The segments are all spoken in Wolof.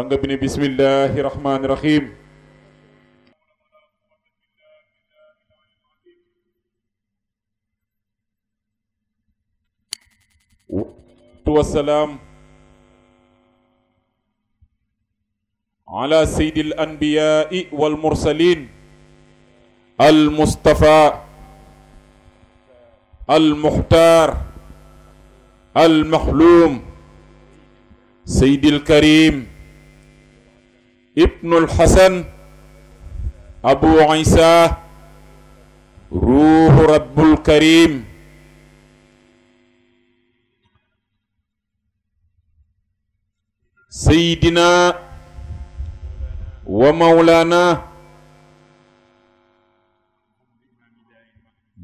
sang بسم الله الرحمن الرحيم والسلام على سيد الأنبياء والمرسلين المصطفى المختار المحلوم سيد الكريم ابن الحسن أبو عيسى روح رب الكريم سيدنا ومولانا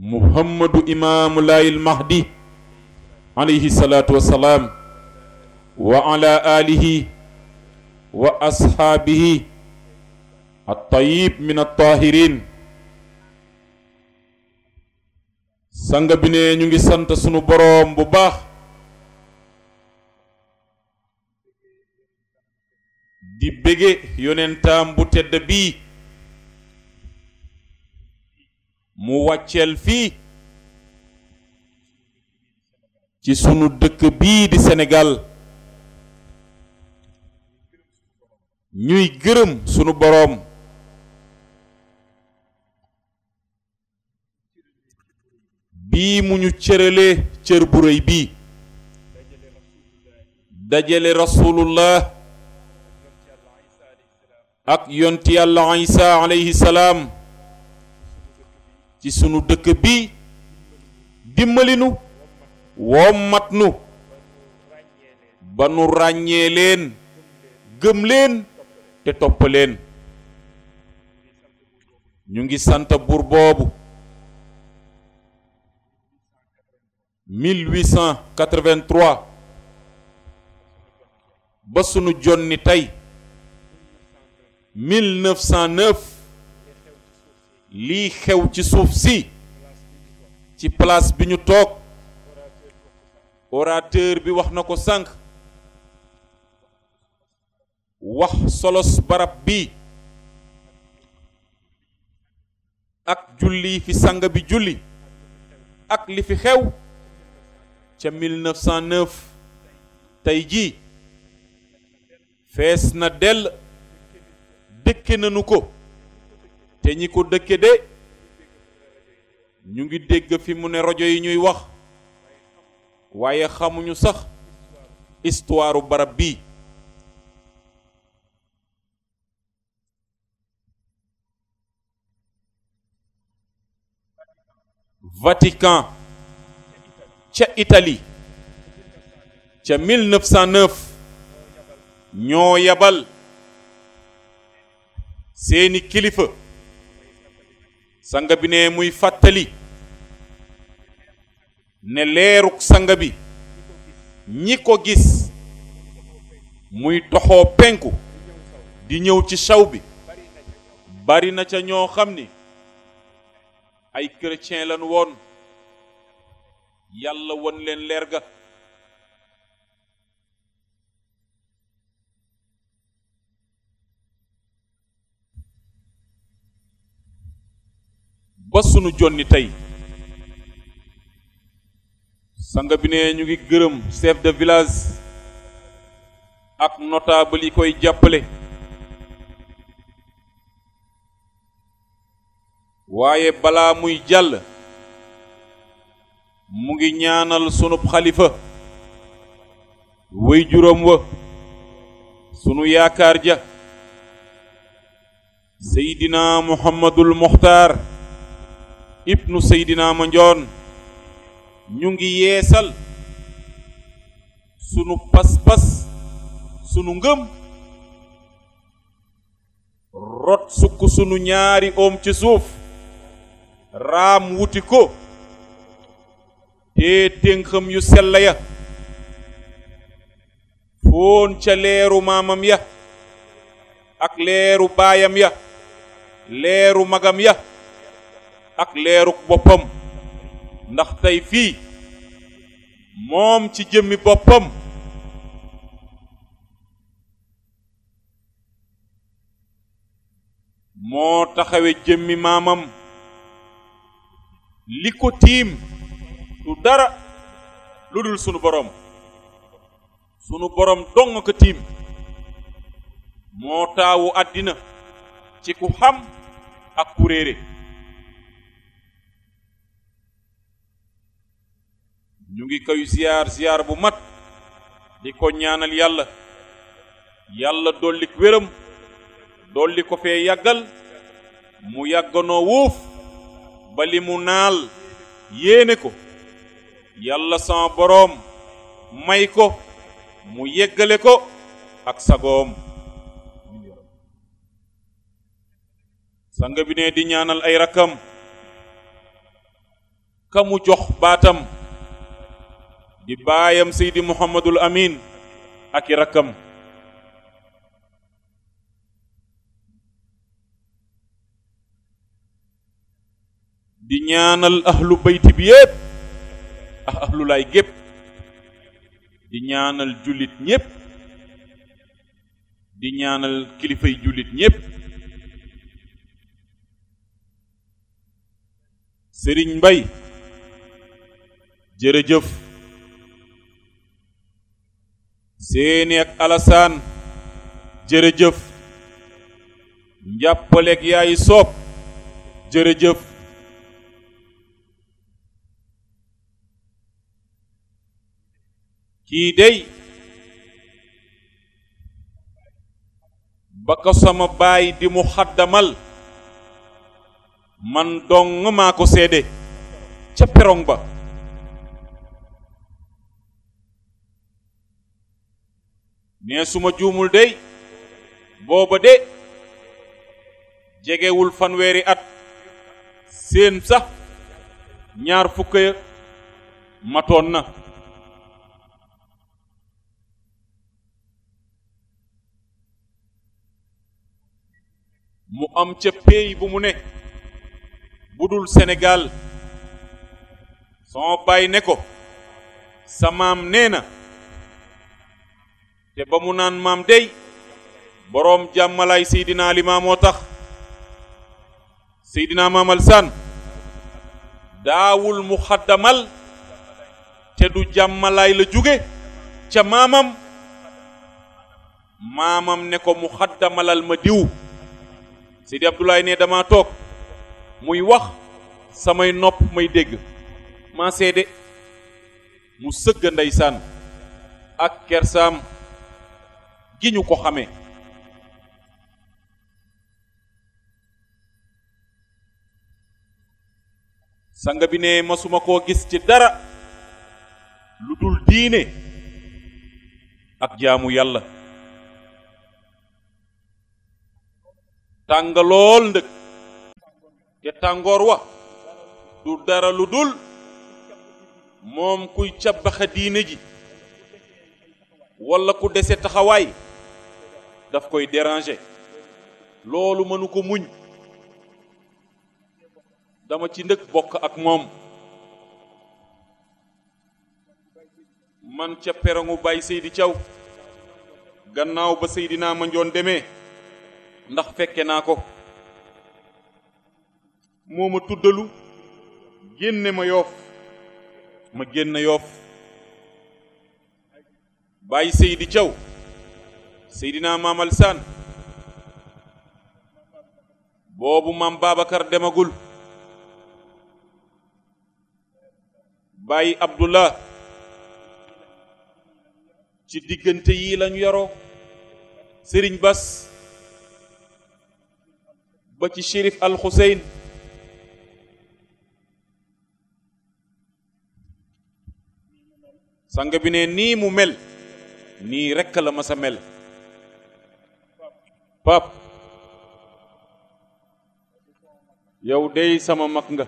محمد إمام لاي المهدي عليه الصلاة والسلام وعلى آله wa ashaabihi at-tayyib min at-tahirin sang bi ne ñu ngi sant sunu boroom bu baax di bége yonentam bu tedd bii mu wàcceel fii ci sunu dëkk bii di Sénégal ñuy gërëm sunu borom bi mu ñu cërale bi dajale rasulullah ak yonti yalla isa alayhi salam di sunu dëkk bi dimbalinu womatnu ba nu ràññee leen gëm te topp leen ñu ngi sant buur boobu 1883 ba sunu ni tey 1909 lii xew ci suuf si ci place bi ñu toog orateur bi wax na ko sànq wax solos barab bi ak julli fi sang bi julli ak li fi xew ca 1909 tey jii fees na dell dëkke nanu ko te ñi ko dëkke de ñu ngi dégg fi mu ne rajo yi ñuy wax waaye xamuñu sax histoire barab bi Vatican ca Italie ca 1909 ñoo yabal seeni kilifa sanga bi ne muy fàttali ne leeruk sanga bi ñi ko gis muy toxoo penku di ñëw ci saw bi bari na ca ñoo xam ni ay chrétien lañu woon yàlla won leen leer ga ba sunu jonni tey sanga bi ne ñu ngi gërëm chef de village ak notable yi koy jàppale waaye balaa muy jàll mu ngi ñaanal sunub xalifa wéy juróom wa sunu yaakaar ja seydina muhammadul muxtaar ibnu ma njoon ñu ngi yeesal sunu pas-pas sunu ngëm rot sukk sunu ñaari oom ci suuf raam wuti ko te dénkam yu sell ya foon ca leeru maamam ya ak leeru baayam ya leeru magam ya ak leeru boppam ndax tey fii moom ci jëmmi boppam moo taxawe jëmmi maamam li ko tiim du dara lu dul sunu boroom sunu boroom dong ko tiim moo taawu àddina ci ku xam ak ku ñu ngi koy ziyaar ziyaar bu mat di ko ñaanal yàlla yàlla dollik wéram dolli ko fee yàggal mu yàgganoo wuuf ba li mu naal yéene ko yàlla sama boroom may ko mu yeggale ko ak sagoom sanga bi ne di ñaanal ay rakkam ka mu jox baatam di baayam seydi muhammadul amiin ak i rakkam di ñaanal ahlu bayti bi yépp ah ahlu laay gépp di ñaanal jullit ñépp di ñaanal kilifay jullit ñépp sëriñ mbay jërëjëf seeni ak alasaan jërëjëf njàppaleeg yaayi soob jërëjëf kii dey ba ko sama baay di mu xaddamal man dong maa ko seede ca perong ba nee su ma juumul dey booba de jegewul fanweeri at seen sax ñaar fukk matoon na am ca pays bu mu ne bu dul senegaal sama baay ne ko sa maam nee na te ba mu naan maam dey boroom jàmmalaay Seydina Limaam moo tax Seydina Maamal Saan daawul mu xaddamal te du jàmmalaay la jóge ca maamam maamam ne ko mu xaddamalal ma diw sidi abdoulaye ini dama matok, muy wax samay nopp may dégg ma seede mu sëgg ndaysaan ak kersaam giñu ko xame sang bi ne masuma gis cedara, dara lu dul diine ak tàng lool ndëkk te tàngoor wa du dara lu dul moom kuy cabaxa diine ji walla ku dese taxawaay daf koy derange loolu mënu ko muñ dama ci ndëkk bokk ak moom man ca perongu Baye Seydi caw gannaaw ba dinaa ma njoon demee ndax fekke naa ko moo ma tuddalu génne ma yoof ma génn yoof bàyyi Seydi Thiaw Seydina Maamal Saan boobu maam Babacar demagul bàyyi Abdullah ci diggante yi lañu yaroo Sëriñ Bas ba ci shérif alxuseyn sang bi ne nii mu mel nii rekk la ma sa mel pap yow dey sama mag nga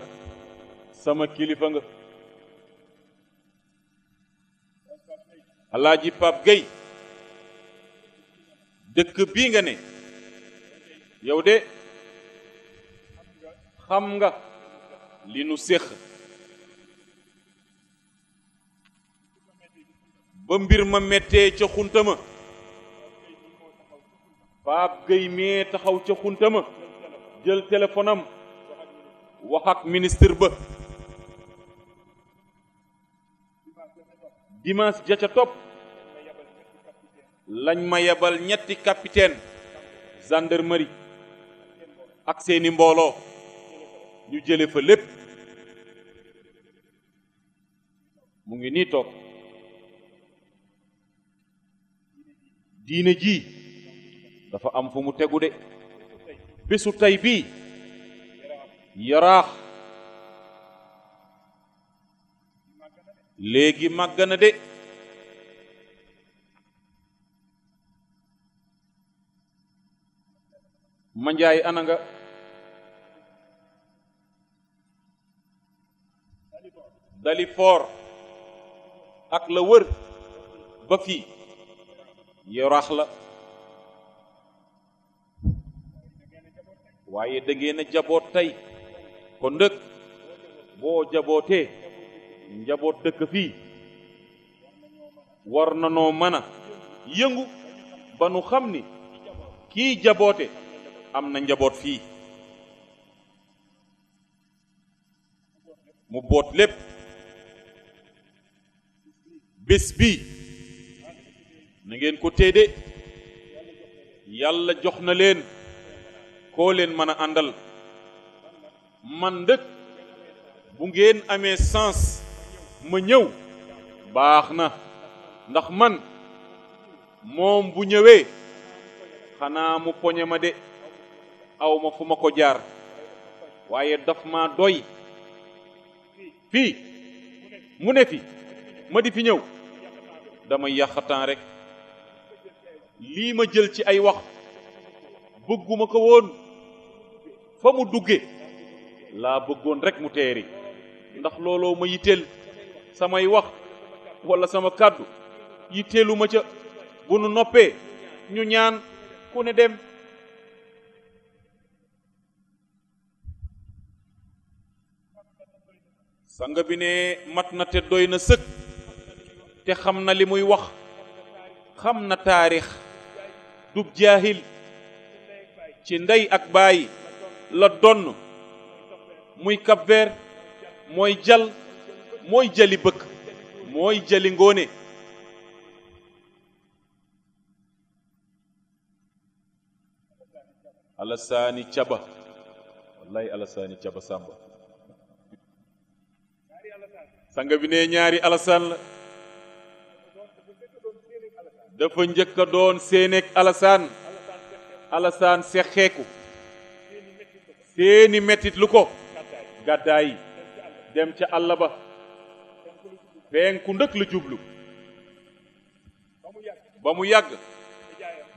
sama kilifa nga alaaji pap gay dëkk bii nga ne yow de xam nga li nu séq ba mbir ma mettee ca xunta ma Pape Gueye taxaw ca xunta ma jël téléphone am wax ak ministre ba dimanche ja ca topp lañ ma yebal ñetti capitaine gendarmerie ak seeni mbooloo ñu jële fa lépp mu ngi nii toog diine ji dafa am fu mu tegu de bésu tey bii yaraax léegi màgg de manjaay ana Dalifort ak la wër ba fii yorax la waaye da ngeen jaboot tey kon ndëkk boo jabootee njaboot dëkk fii war na noo mën a yëngu ba nu xam ni kii jaboote am na njaboot fii mu boot lépp bés bi na ngeen ko téede yàlla jox na leen koo leen mën a àndal man dëkk bu ngeen amee sens ma ñëw baax na ndax man moom bu ñëwee xanaa mu poñe ma de aw ma fu ma ko jaar waaye daf ma doy fii mu ne fi ma di fi ñëw dama yàqataan rekk lii ma jël ci ay wax bëgguma ko woon fa mu dugge laa bëggoon rekk mu teeri ndax looloo ma yitteel samay wax walla sama kàddu yitteelu ca bu nu noppee ñu ñaan ku ne dem sanga bi ne mat na te na sëkk te xam na li muy wax xam na taarix du jaahil ci ndey ak baay la donn muy kabbeer mooy jal mooy jali bëkk mooy jali ngoone alasaani caba wallahi alasaani caba sàmba dafa njëkk doon séeneeg Alassane Alassane sexeeku seeni metitlu ko gàddaay dem ca àll ba fenku ndëkk la jublu ba mu yàgg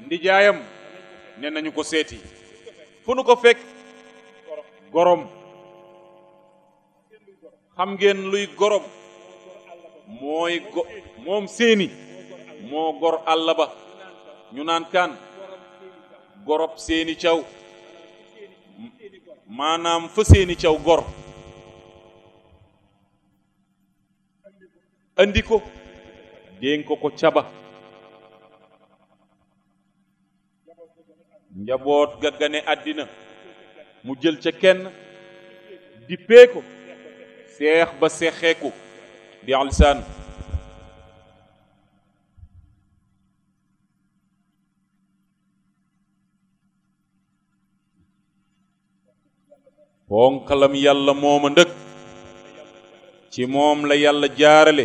ndijaayam ne nañu ko seeti fu nu ko fekk gorom xam ngeen luy gorom mooy go moom seeni moo gor àll ba ñu naan kaan gorop seeni caw maanaam fa seeni caw gor indi ko dénk ko ko caba njaboot ga gane àddina mu jël ca kenn di pee ko seex ba seexeeku di alsaan bonkalam yalla moma ndëg ci moom la yalla jaarale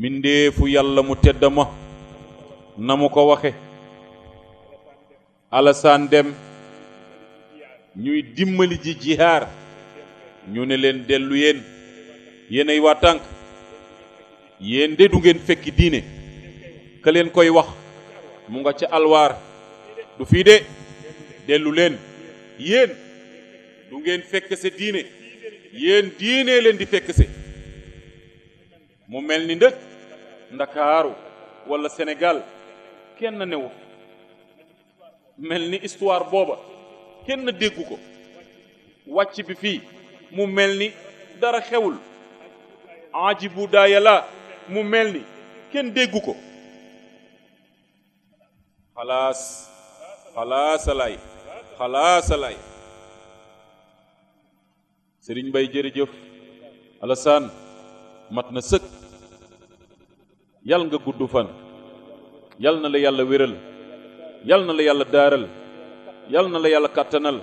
mindeefu yalla mu teddama na mu ko waxe alasan dem ñuy dimmali ji jihaar ñu ne leen dellu yéen yéen ay waa tànk yéen de du ngeen fekki diine ka leen koy wax mu nga ca alwaar du fii de dellu leen yéen du ngeen fekk se diine yéen diine leen di fekk mu mel ni ndëkk ndakaaru walla Sénégal kenn newu mel ni histoire booba kenn déggu ko wàcc bi fii mu mel ni dara xewul aji bu daayala mu mel ni kenn déggu ko xalaas xalaasalaay xalaasalaay sëriñ bay jërëjëf alasaan mat na sëkk yal nga gudd fan yal na la yàlla wéral yal na la yàlla daaral yal na la yàlla kàttanal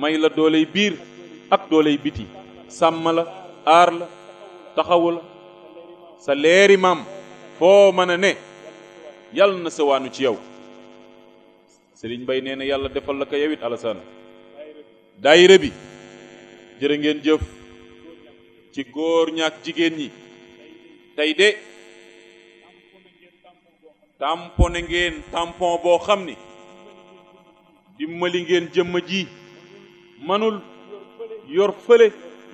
may la dooley biir ak dooley biti sàmm la aar la taxawu la sa leeri maam foo mën a ne yal na sa waanu ci yow Serigne bay nee na yàlla defal la ko yow it Alassane bi jërë ngeen jëf ci góor ñaak jigéen ñi tey de tamponné ngeen tampon boo xam ni dimbali ngeen jëmma ji manul yor fële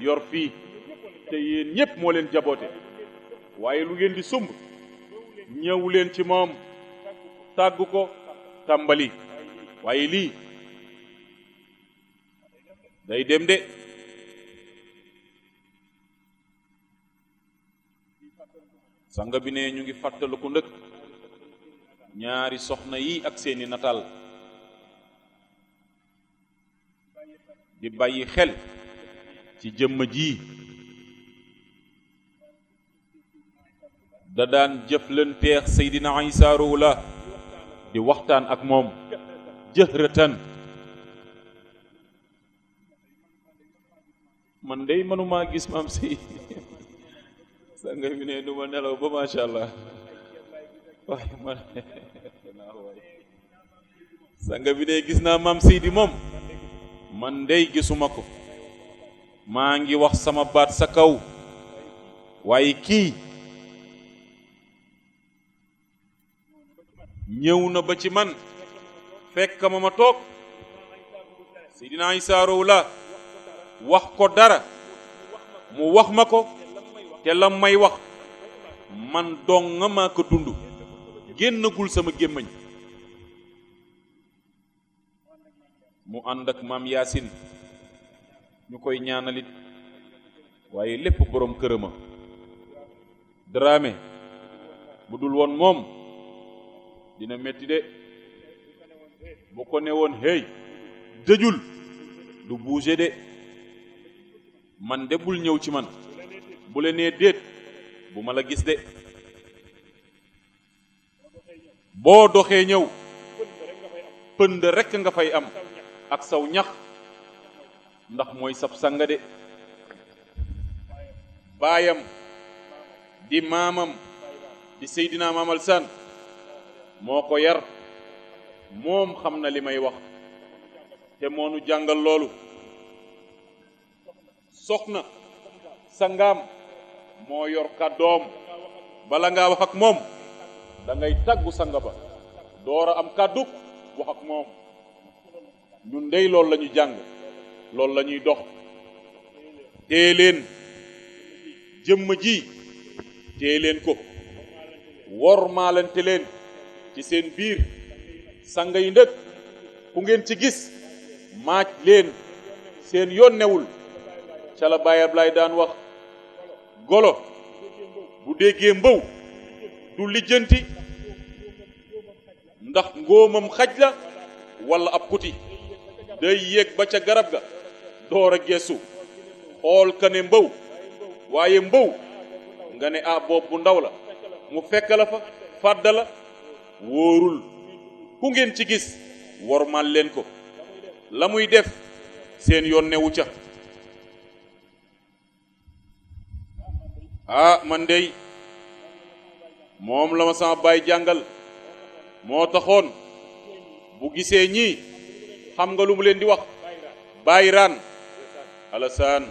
yor fii te yéen ñépp moo leen jaboote waaye lu ngeen di sumb ñëw leen ci moom tàgg ko tàmbali waaye lii day dem de sanga bi ne ñu ngi fàttaliku ndëkk ñaari soxna yi ak seeni nataal di bàyyi xel ci jëmm ji da daan jëflanteex Seydina Isa la di waxtaan ak moom jëhrëtan man day mënumaa gis maam si sanga bi ne du nelaw ba macha allah waaye bi ne gis naa maam sii di moom man dey gisuma ko maa ngi wax sama baat sa kaw waaye kii ñëw na ba ci man fekk ma ma toog sidina isa rawla wax ko dara mu wax ma ko te lam may wax man dong ma ko dundu gennagul sama gemmañ mu andak ak mam yasin ñukoy ñaanalit waye lepp borom kërëma drame budul won mom dina metti de bu ko ne woon hey dëjul du bouger de man de ñëw ci man bu la nee déet bu ma la gis de boo doxee ñëw pënd rekk nga fay am ak saw ñax ndax mooy sab sanga de baayam di maamam di Seydina Maamal Saan moo ko yar moom xam na li may wax te moonu jàngal loolu soxna sangaam moo yor kàddoom bala ngaa wax ak moom dangay ngay tàggu sanga ba door a am kàddu wax ak moom ñun dey loolu lañuy jàng loolu la ñuy dox tée leen ji tée leen ko wor maalante leen ci seen biir sang yi ndëkk ku ngeen ci gis maaj leen seen yoon newul ca la Baay Ablaay daan wax golo bu déggee mbaw du lijjanti ndax ngóomam xaj la walla ab kuti day yéeg ba ca garab ga door a geesu xool ka ne mbaw waaye mbaw nga ne ah bu ndaw la mu fekk la fa fàdd wóorul ku ngeen ci gis wormal leen ko la muy def seen yoon newu ca ah man dey moom la ma sama baay jàngal moo taxoon bu gisee ñii xam nga lu mu leen di wax bàyyi raan alasaan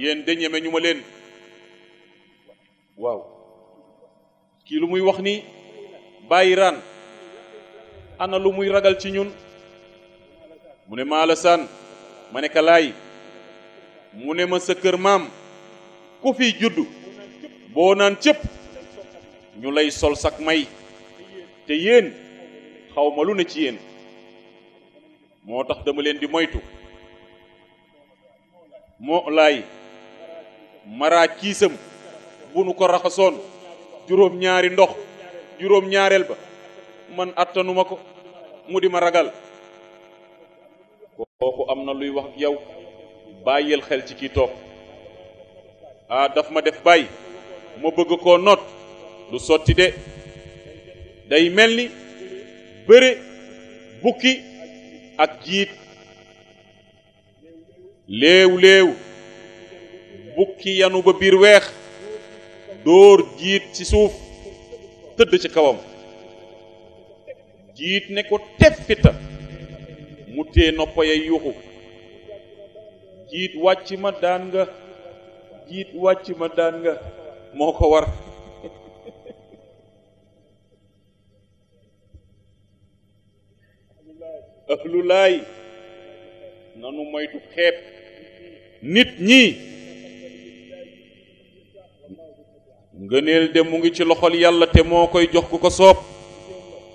yéen de ñeme ñu ma leen waaw kii lu muy wax nii bàyyi raan ana lu muy ragal ci ñun mu ne ma Alassane ma ne ka laay mu ne ma sa kër maam ku fi juddu boo naan cépp ñu lay sol sak may te yéen xaw ma lu ne ci yéen moo tax dama leen di moytu moo laay maraa kiisam bu nu ko raxasoon juróom-ñaari ndox juróom-ñaareel ba man attanuma ko mu di ma ragal kooku am na luy wax ak yow bàyyil xel ci kii toog ah daf ma def bàyyi ma bëgg koo noot lu sotti de day mel ni bëre bukki ak jiit léew léew bukki yanu ba biir weex dóor jiit ci suuf tëdd ci kawam jiit ne ko teffita mu tee noppa ya yuuxu jiit wàcc ma daan nga jiit wàcc ma daan nga moo ko war lu laay nanu moytu xeeb nit ñi ngëneel de mu ngi ci loxol yàlla te moo koy jox ku ko soob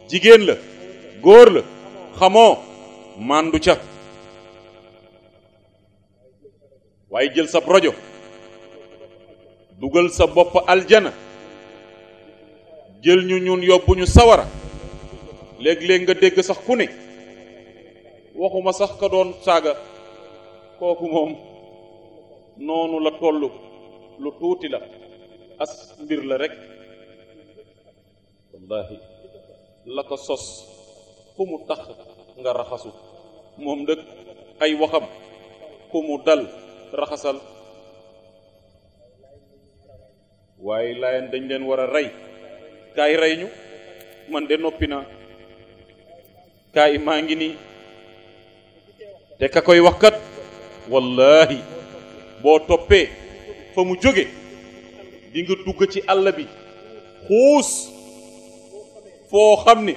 jigéen la goor la xamoo mandu ca waaye jël sab rojo dugal sa bopp aljana jël ñu ñun yóbbuñu sawara léeg-léeg nga dégg sax ku ne waxuma sax ka doon saaga kooku moom noonu la toll lu tuuti la as mbir la rek wallahi la sos ku mu tax nga raxasu moom nag ay waxam ku mu dal raxasal waaye laayeen dañ leen war a rey kaay rey ñu man de noppi naa kaay maa ngi nii te ka koy wax kat wallaahi boo toppee fa mu jóge di nga dugg ci àll bi xuus foo xam ni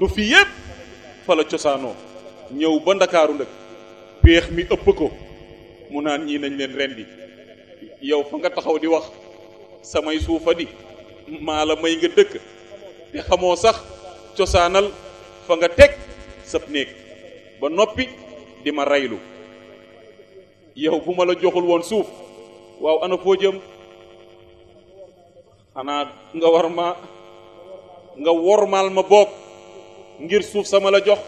du fii yëpp fa la cosaanoo ñëw ba ndakaaru nag péex mi ëpp ko mu naan ñii nañ leen rendi yow fa nga taxaw di wax samay suufa di maa la may nga dëkk te xamoo sax cosaanal fa nga teg sab néeg ba noppi di ma raylu yow bu ma la joxul woon suuf waaw ana foo jëm xanaa nga war ma nga wormaal ma boog ngir suuf sama la jox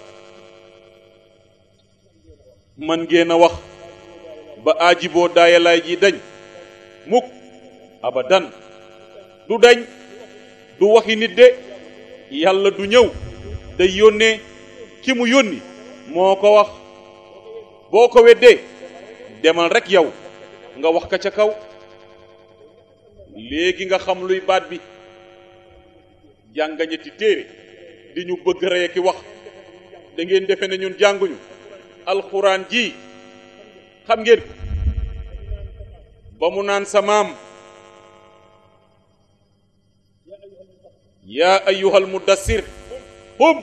man ngeen a wax ba aajiboo daayalaay ji dañ mukk abadan du dañ du waxi nit de yàlla du ñëw day yónnee ki mu yónni moo ko wax boo ko weddee demal rekk yow nga wax ko ca kaw léegi nga xam luy baat bi jàng ñetti téere di ñu bëgg ree ki wax dangeen ngeen defe ne ñun jànguñu alxuraan ji xam ngeen ba mu naan sa maam yaa mu mudassir xum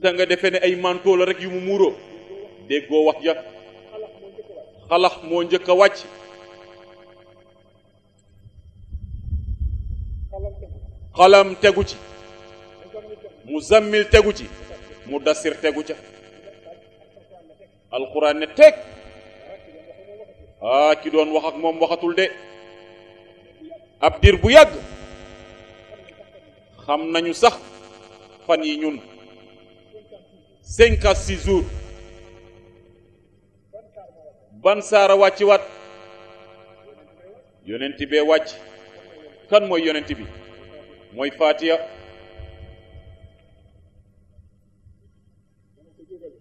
da defe ne ay manto la rek yu mu muuroo déggoo wax ja xalax moo njëkk a wàcc xalam tegu ci mu zammil tegu ci mu dasir tegu ca alxuraan ne teg aa ki doon wax moom waxatul de ab diir bu yàgg xam nañu sax fan yi ñun cinq à six jours ban saara wàcci waat yonent bee wàcc kan mooy yonent bi mooy faatiya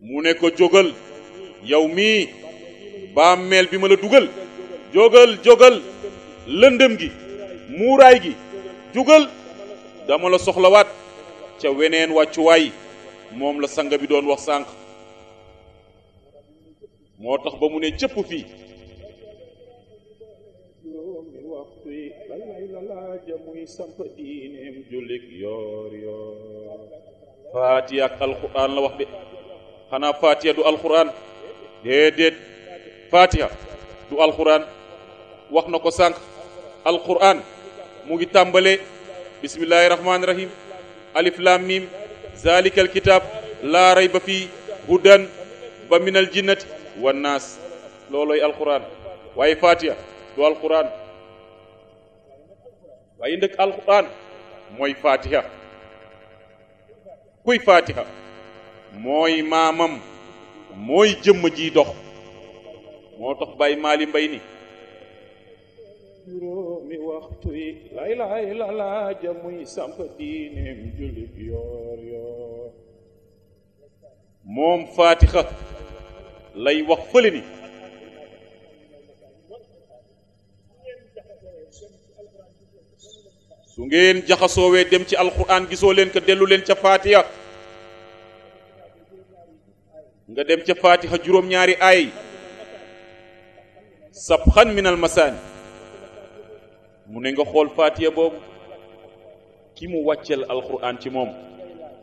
mu ne ko jógal yow mii bàmmeel bi ma la dugal jógal jógal lëndëm gi muuraay gi jógal dama la soxlawaat ca weneen wàccuwaay moom la sang bi doon wax sànq moo tax ba mu ne cëpp fii sam ko diinem julik yor yor fatiha alquran la wax be xana fatiha du alquran dedet fatiha du alquran waxnako sank alquran mu ngi tambale bismillahir rahmanir rahim alif lam mim zalikal kitab la rayba fi hudan ba min aljinnati wan nas loloy alquran waye fatiha du alquran waaye ndëkk alquran mooy fatiha kuy fatiha mooy maamam mooy jëmm ji dox moo tax bàyyi maali mbay ni juróomi waxtu yi lay muy samp diineem jullit yoor yoor moom fatiha lay wax fële ni su ngeen jaxasoowee dem ci alquran gisoo leen ko dellu leen ca faatiha nga dem ca faatiha juróom-ñaari ay sabxan min almasaani mu ne nga xool faatiha boobu ki mu wàccel alquran ci moom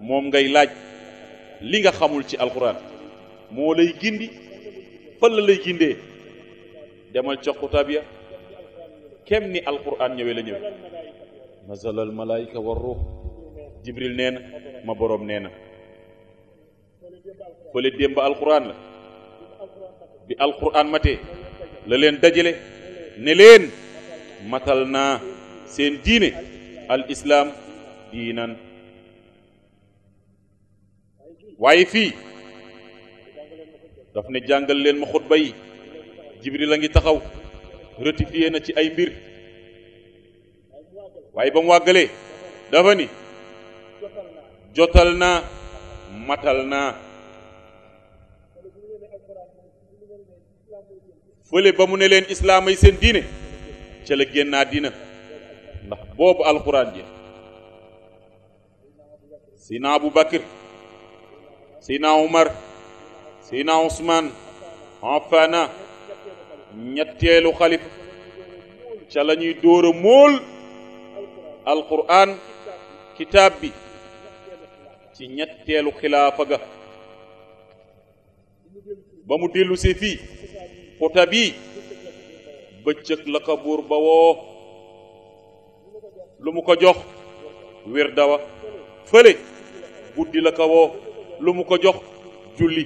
moom ngay laaj li nga xamul ci alquran moo lay gindi fan la lay gindee demal ca xutaab ya kem ni alquran ñëwee la ñëwee nasalal malaayika war ruux jibril nee na ma boroom nee na fële démb alquran la bi alquran matee la leen dajale ne leen matal naa seen diine al islaam diinan waaye fii daf ne jàngal leen ma xutba yi jibril a ngi taxaw ratifié na ci ay mbir waye bam wagale dafa ni jotalna matalna Fole bamu ne len islamay sen dine ci la genna dina ndax bobu alquran je sina abubakir sina umar sina usman afana ñettelu khalifa ci lañuy doora mol alquran kitaab bi ci ñetteelu xilaafa ga ba mu dellu see fii xota bii bëccëg la ko buur ba woo lu mu ko jox wér dawa fële guddi la ko woo lu mu ko jox julli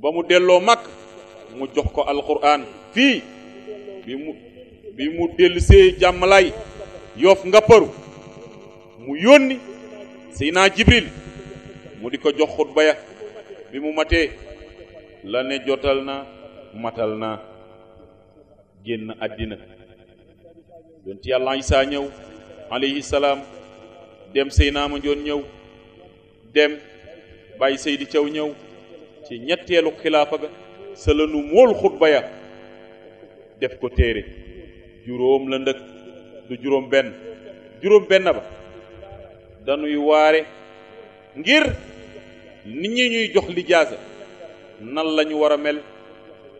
ba mu delloo mag mu jox ko alquran fii bi mu bi mu dellu jàmm lay yoof ngapparu mu yónni Seydina Jibril mu di ko jox xutba ya bi mu matee la ne jotal na matal na génn àddina yonti yàlla Isaa ñëw alayhi salaam dem Seydina Mandione ñëw dem Baye Seydi Thiaw ñëw ci ñetteelu xilaafa ga sa lanu mool xutba ya def ko téere juróom la ndëkk du juróom benn juróom benn ba dañuy waare ngir nit ñi ñuy jox lijaasa nan lañu war a mel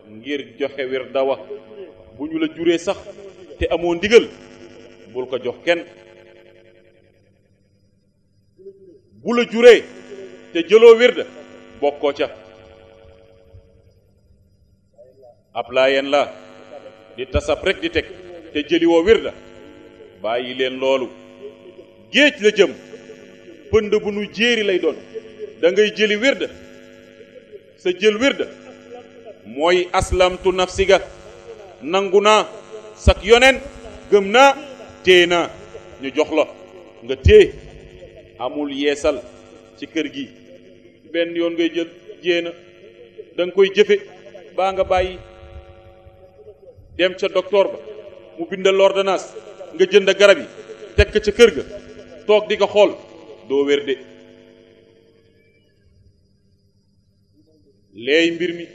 ngir joxe wirda wa bu ñu la juree sax te amoo ndigal bul ko jox kenn bu la juree te jëloo wirda bokkoo ca ab laayeen la di tasab rek di teg te jëliwoo wirda bàyyi leen loolu géej la jëm pënd bu nu jéeri lay doon dangay ngay jëli wirda sa jël wirda mooy aslamtu nafsi ga nangu naa sak yonen gëm naa téye naa ñu jox la nga téye amul yeesal ci kër gi benn yoon ngay jël jéena da nga koy jëfe baa nga bàyyi dem ca docteur ba mu bindal ordonnance nga jënd garab yi teg ca kër ga toog di ko xool doo wér de léey mbir mi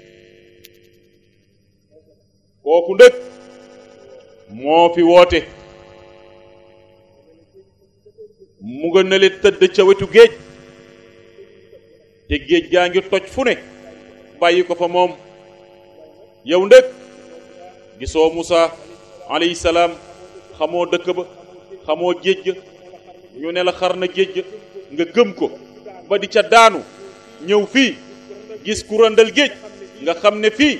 kooku ndëkk moo fi woote mu nga nele tëdd ca wetu géej te géej gaa ngi toj fu ne bàyyi ko fa moom yow ndëkk gisoo Moussa alayhi xamoo dëkk ba xamoo géej ñu ne la xar na géej nga gëm ko ba di ca daanu ñëw fii gis ku randal géej nga xam ne fii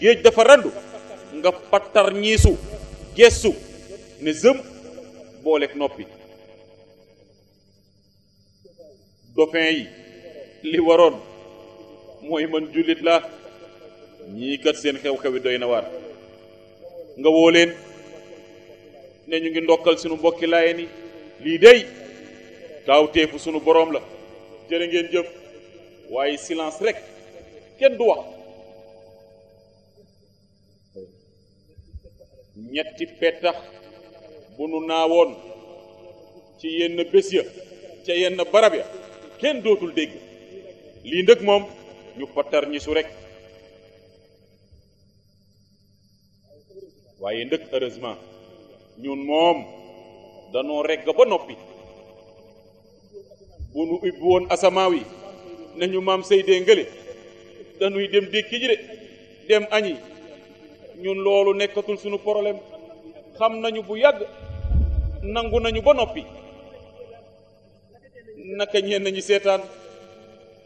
géej dafa randu nga pattar ñiisu gestu ne zëm booleeg noppi dauphin yi li waroon mooy man jullit la ñii kat seen xew-xewi doy na waar nga woo leen ne ñu ngi ndokkal sunu mbokki laye ni lii dey kaawteefu sunu boroom la jërë ngeen jëf waaye silence rek kenn du wax ñetti pettax bu nu naawoon ci yenn bés ya ca yenn barab ya kenn dootul dégg lii ndëg moom ñu pattar ñi su rek waaye ndëg heureusement ñun moom danoo regg ba noppi bu nu ubbi woon nañu maam Seydee ngële dañuy dem dékki dem añi ñun loolu nekkatul suñu problème xam nañu bu yàgg nangu nañu ba noppi naka ñenn ñi seetaan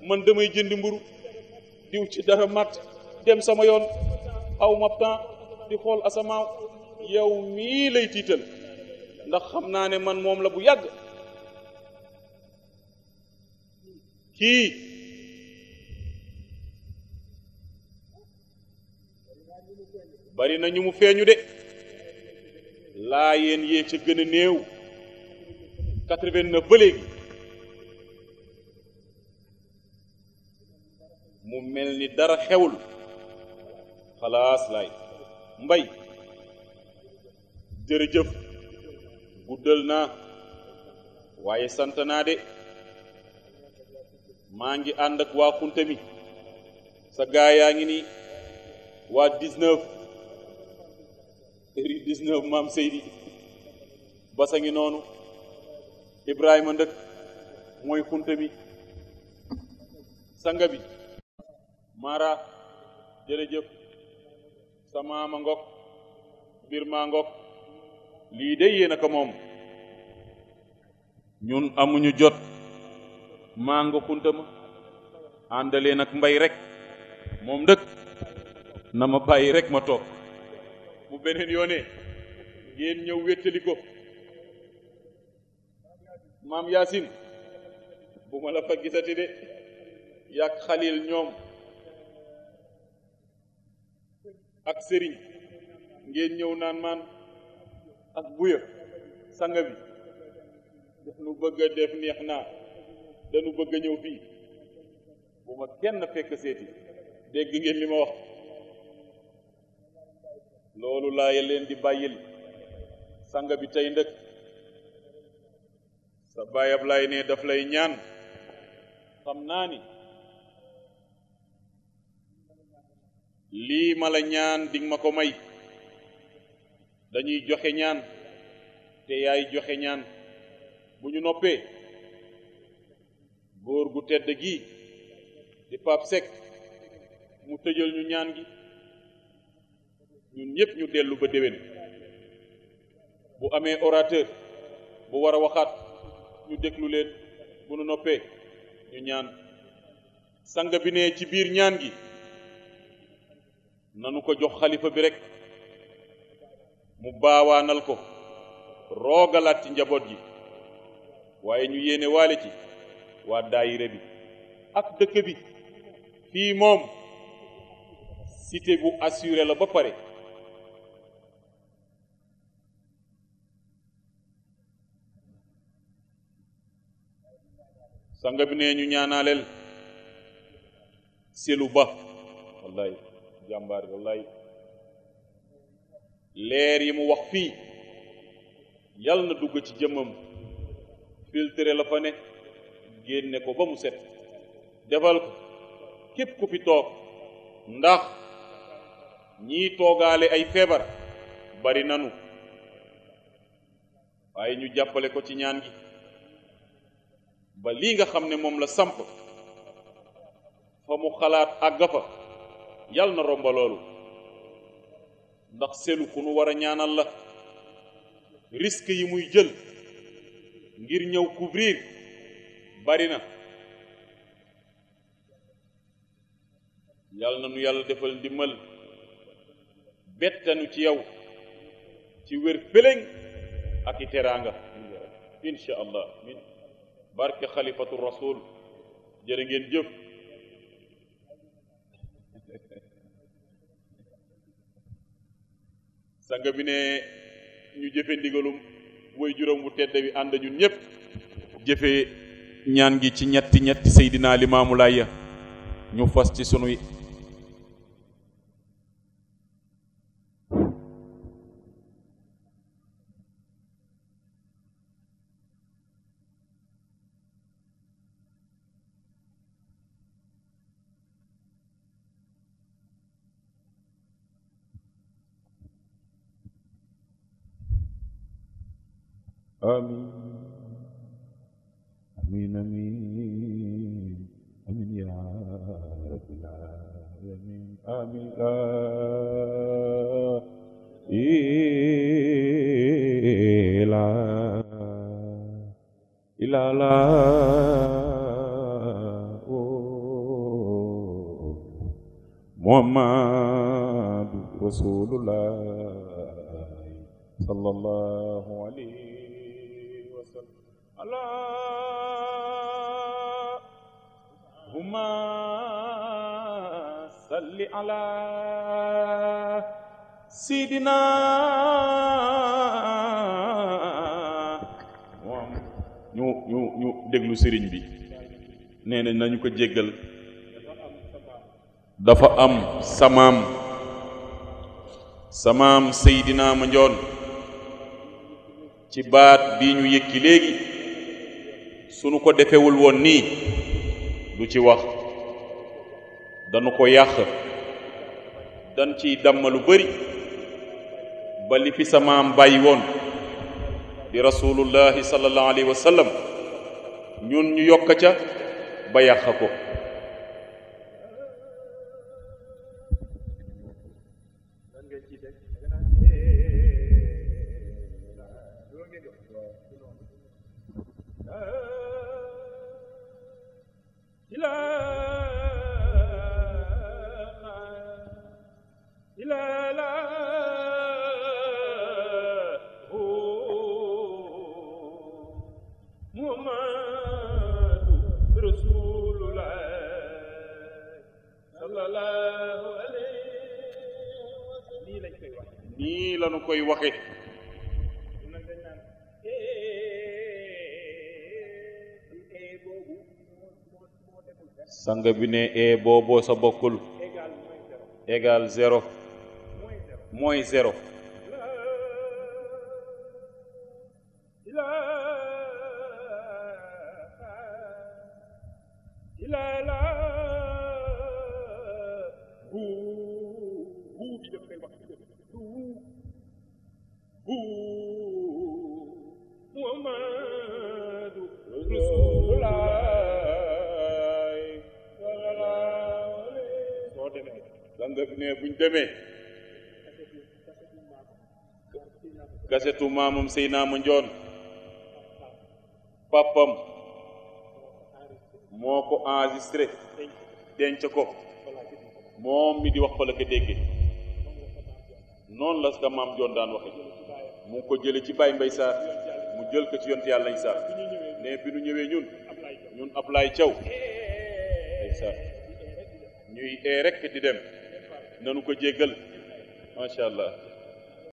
man damay jënd mburu diw ci dara mat dem sama yoon aw ma di xool asamaaw yow mii lay tiital ndax xam naa ne man moom la bu yàgg kii bari na ñu mu feeñu de laa yéen yee ca gën a néew ba léegi mu mel ni dara xewul xalaas laay mbay jërëjëf guddal naa waaye sant de maa ngi ànd ak waa Kunta mi sa gaa yaa ngi ni waa 19 maam Seydi basa ngi noonu Ibrahima ndëkk mooy Kunta mi sanga bi Mara jërëjëf sa maama ngok mbir maa lii de yéen a moom ñun amuñu jot mango kuntama àndaleen ak mbay rek moom ndëkk na ma bàyyi rek ma toog bu beneen yoonee ngeen ñëw wéttali ko maam yaasin bu ma la fa de yàq xalil ñoom ak sëriñ ngeen ñëw naan maan ak buya sanga bi def nu bëgg def neex naa dañu bëgg a ñëw fii bu ma kenn fekk seeti dégg ngeen li ma wax loolu laay leen di bàyyil sanga bi tey ndëkk sa baayab laay ne daf lay ñaan xam naa ni lii ma la ñaan dinga ma ko may dañuy joxe ñaan te yaay joxe ñaan bu ñu noppee góor gu tedd gi di pap sek mu tëjal ñu ñaan gi ñun ñépp ñu dellu ba déwén bu amee orateur bu war a waxaat ñu déglu leen bu ñu noppee ñu ñaan sang bi ne ci biir ñaan gi nanu ko jox xalifa bi rekk mu baawaanal ko roogalatti njaboot gi waaye ñu yéene waale ci waa daayire bi ak dëkk bi fii moom cité bu assuré la ba pare sanga bi ne ñu ñaanaaleel selu ba wallaay jàmbaar wallaay leer yi mu wax fii yal na dugg ci jëmmam filtre la fa ne génne ko ba mu set defal ko képp ku fi toog ndax ñii toogaale ay feebar bari nanu waaye ñu jàppale ko ci ñaan gi ba lii nga xam ne moom la samp fa mu xalaat àgg fa yal na romba loolu ndax selu ku nu war a ñaanal la risque yi muy jël ngir ñëw couvrir bari na yàlla na nu yàlla defal ndimmal bettanu ci yow ci wér péléng ak i teraanga incha allah barke xalifatu rasul jërë ngeen jëf sanga bi ne ñu jëfe ndigalum woy juróom bu tedd bi ànd ñun ñëpp jëfe ñaan gi ci ñetti ñetti Seydina Limaamu Laay ya ñu fas ci sunuy Amin. ñu ñu ñu déglu sëriñ bi nee nañ nañu ko jéggal dafa am samaam samaam ma Mandione ci baat bi ñu yëkki léegi sunu ko defewul woon nii du ci wax danu ko yàq dan ciy dàmma lu bari ba li samaam bàyyi woon di rasulullahi sallallahu alayhi wa sallam ñun ñu yokk ca ba yàq ko ila nii koy waxe sang bi ne e eh, booboo sa bokkul égal zéro mooy zéro maamam Seydina Mandione pàppam moo ko enregistré denc ko moom mi di wax fa la ko dégge noonu la maam Njoon daan waxe mu ngi ko jële ci Baye Mbay Sarr mu jël ko ci yont yàlla lañ Sarr ne bi nu ñëwee ñun ñun Ablaye Thiaw ñuy ee rek di dem nanu ko jéggal macha allah